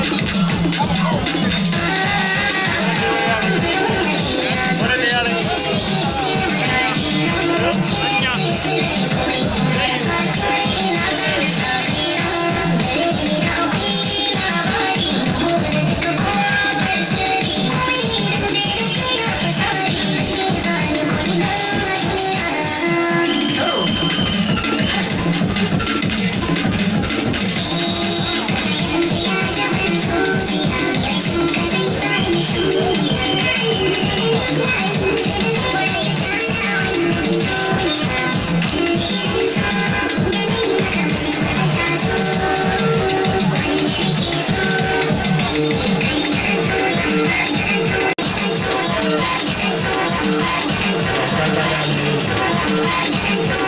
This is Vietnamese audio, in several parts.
Thank you. Thank you.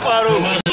parou